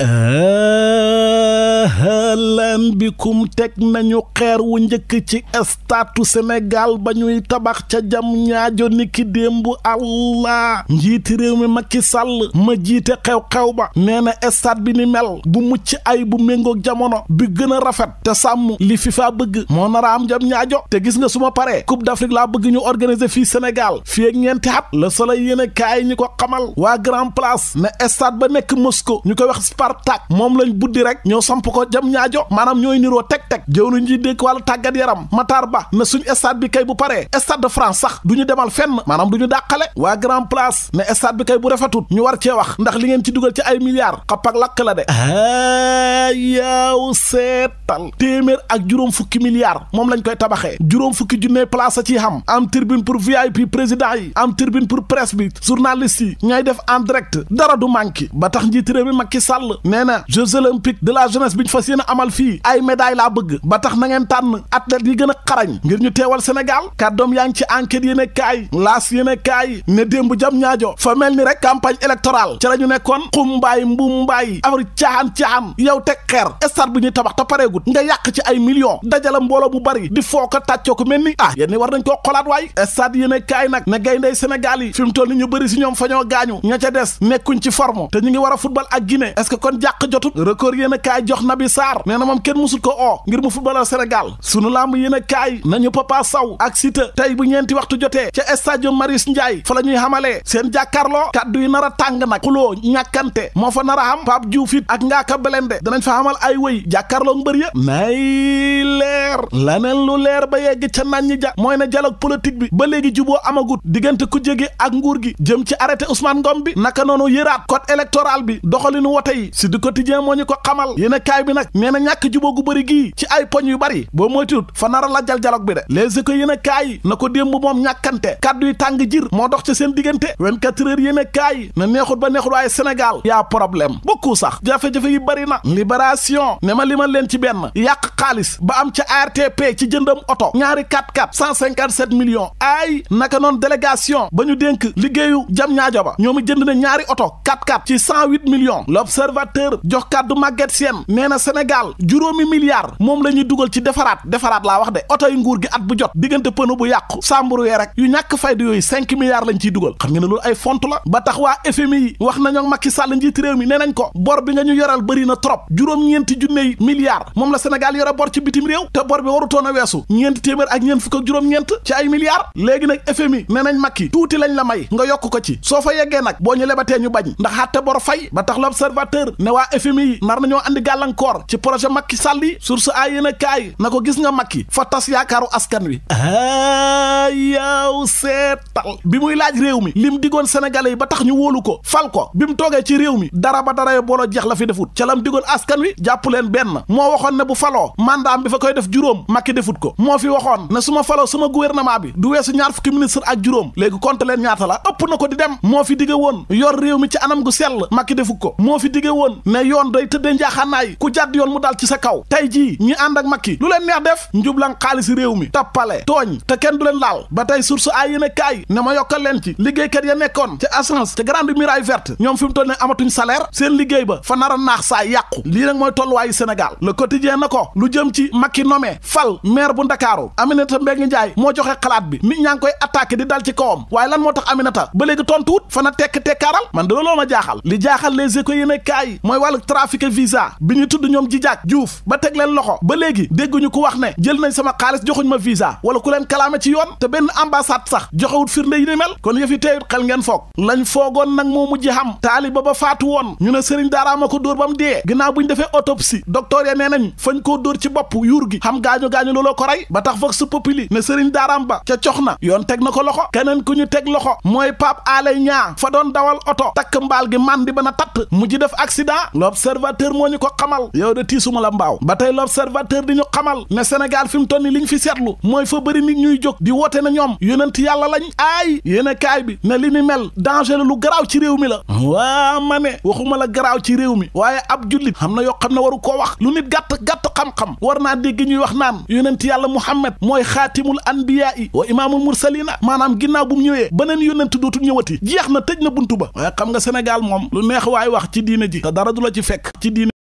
Uh... ahlan bikum teg nañu xeer wu njëkk ci statu Sénégal ba ñuy tabax ca jam ñaajo niki démb allah njiiti réew mi Macky sàll ma jiite xew-xew ba nee na stade bi ni mel bu mucc ay bu méngoog jamono bi gën a rafet te sàmm li fi FIFA bëgg moo nara am jam ñaajo te gis nga suma paree Coupe d'Afrique laa bëgg ñu organiser fii Sénégal fii ak ñeenti at la Soleil yéen a kaay ñi ko xamal waa Grand Place ne stade ba nekk Moscou ñu ko wax Spartak moom lañ buddi gaajo maanaam ñooy niroo teg-teg jëwriñ ji dénk wàllu tàggat yaram Matar Ba na suñ stade bi kay bu paree stade de France sax duñu ñu demal fenn maanaam du ñu dàqale waa grand place ne stade bi kay bu rafetut ñu war cee wax ndax li ngeen ci dugal ci ay milliards xapp lakk la de a yaaw seetal téeméer ak juróom fukki milliards moom lañ koy tabaxee juróom fukki junne place a ciy xam am tribune pour VIP président yi am tribune pour presse bi journaliste yi ñooy def en dara du manqué ba tax njiit réew mi Macky Sall na Jeux olympiques de amal fii ay médaille laa bëgg ba tax na ngeen tànn athlètes yi gën a xarañ ngir ñu teewal Sénégal kàddoom yaa ngi ci enquête yéen e kaay laas yéen e kaay ne démb jam ñaajo fa mel ni rek campagne électorale ci la ñu nekkoon xumbaay mbumbaay afar caaxaan-caaxaan yow teg xeer stade bu ñuy tabax te pareegut nga yàq ci ay millions dajala mbooloo bu bari di foo ko tàccoo ko mel ni ah yéen war nañ koo xolaat waay stade yéen e kaay nag ne gayndey Sénégal yi fi mu toll ni ñu bari si ñoom fa ñoo gaañu ña ca des nekkuñ ci forme te a football ak Guinée Sarr nee na moom kenn mësul ko oo ngir mu footballal Sénégal sunu lamb yéen a kaay nañu Papa Sow ak Siteu tey bu ñeenti waxtu jotee ca stade Marius Ndiaye fa la ñuy xamalee seen jàkkaarloo kàddu yi nar a tàng nag xuloo ñàkkante moo fa nar a xam Pape Diouf it ak Ngaaka Blindé danañ fa xamal ay wëy jàkkaarloo mbër ya nay leer laneen lu leer ba yegg ca naan ñi ja mooy ne dialogue politique bi ba léegi juboo amagut diggante ku jégi ak nguur gi jëm ci arrêté Ousmane Ngom bi naka noonu yëraat code électoral bi doxalinu wote yi si du quotidien moo ñu ko xamal yéen kaay bi nag nee na ñàkk juboo gu bëri gi ci ay poñ yu bëri boo moytuwut fa nar a la jal dialogue bi de les écoles yéen a kaay na ko démb moom ñàkkante kàddu yi tàng jir moo dox ci seen diggante 24 heures yéen a kaay na neexut ba neexut waaye Sénégal yaa problème bokku sax jafe-jafe yi bëri na libération ne ma limal leen ci benn yàq xaalis ba am ca ARTP ci jëndam oto ñaari 4x4 157 millions ay naka noon délégation ba ñu dénk liggéeyu jam ñaajo ba ñoomi jënd na ñaari oto 4x4 ci 108 millions l'observateur jox kàddu màgget seen nee na Sénégal daal juróomi milliards moom la ñuy dugal ci defaraat defaraat laa wax de oto yi nguur gi at bu jot diggante pënu bu yàqu sàmburu yee rek yu ñàkk fayda yooyu cinq milliards lañ ciy dugal xam nga ne loolu ay font la ba tax waa FMI yi wax nañoo Macky Sall njiit réew mi nee nañ ko bor bi nga ñu yoral bëri na trop juróom-ñeenti junney milliards moom la Sénégal yore bor ci bitim réew te bor bi warutoon a weesu ñeenti téeméer ak ñeent fukk ak juróom-ñeent ci ay milliards léegi nag la may nga yokk ko soo fa yeggee nag boo ñu lebatee ñu bañ ndax xatte bor projet Macky Sall yi source a yéen a kaay na ko gis nga Macky fa tas yaakaaru askan wi a yaaw seetal bi muy laaj réew mi li lim digoon sénégalais yi ba tax ñu wóolu ko fal ko bi mu toogee ci réew mi dara ba dara booloo jeex la fi defut ca la lam digoon askan wi jàpp leen benn moo waxoon ne bu faloo mandaam bi fa koy def juróom makki defut ko moo fi waxoon ne su ma faloo sama gouvernement bi du weesu ñaar fukki ministre ak juróom léegi compte leen ñaata la ëpp na ko di dem moo fi digge woon yor réew mi ci anam gu sell Macky defut ko moo fi digge woon ne yoon day tëddee njaaxaanaay ku jàdd yoon mu dal ci sa kaw tey jii ñi ànd ak Macky lu leen neex def njublan xaalis réew mi tappale tooñ te kenn du leen laal ba tey source ay yéen a kaay ne ma yokkal leen ci liggéeykat ya nekkoon ca assurance ca grande muraille verte ñoom fi mu toll ne amatuñ salaire seen liggéey ba fa nar a naax saa yàqu lii nag mooy tolluwaayu Sénégal le quotidien na ko lu jëm ci Macky nommé fal maire bu Ndakaaru Aminata Mbengue Ndiaye moo joxe xalaat bi nit ñaa ngi koy attaqué di dal ci kawam waaye lan moo tax Aminata ba léegi tontuwut fana tekk tekkaaral man li jaaxal les éco mooy wàllu ñu ñoom ji Diack Diouf ba teg leen loxo ba léegi dégguñu ku wax ne jël nañ sama xaalis joxuñ ma visa wala ku leen kalaame ci yoon te benn ambassade sax joxewut firnde yi ni mel kon yëfi teeyut xel ngeen foog lañ foogoon nag moo mujj xam taaliba ba faatu woon ñu ne sëriñ daaraama ko dóor ba mu dee ginnaaw bu ñu defee autopsie docteur ya nee nañ fañ koo dóor ci bopp yuur gi xam gaañu-gaañu looloo ko rey ba tax vox populi ne sëriñ daaraam ba ca cox na yoon teg na ko loxo keneen ku ñu teg loxo mooy Pape Alé Niang fa doon dawal oto takk mbaal gi màndi ba na tatt mujj def accident l'observateur moo ko xamal tiisuma la mbaaw ba tey l'observateur di ñu xamal ne Sénégal fi mu ni li fi seetlu mooy fa bëri nit ñuy jóg di woote na ñoom yonent yàlla lañ aay yéene kaay bi ne li ni mel danger la lu garaaw ci réew mi la waa ma ne waxuma la garaaw ci réew mi waaye ab jullit xam na yoo xam ne waru koo wax lu nit gàtt gàtt xam-xam war naa dégg ñuy wax naan yonent yàlla Muhammad mooy xaatimul anbiyaa i wa imaamul mursalina maanaam ginnaaw bu mu ñëwee beneen yonent dootul ñëwati jeex na tëj na buntu ba waaye xam nga Sénégal moom lu neex waay wax ci diine ji te dara du la ci fekk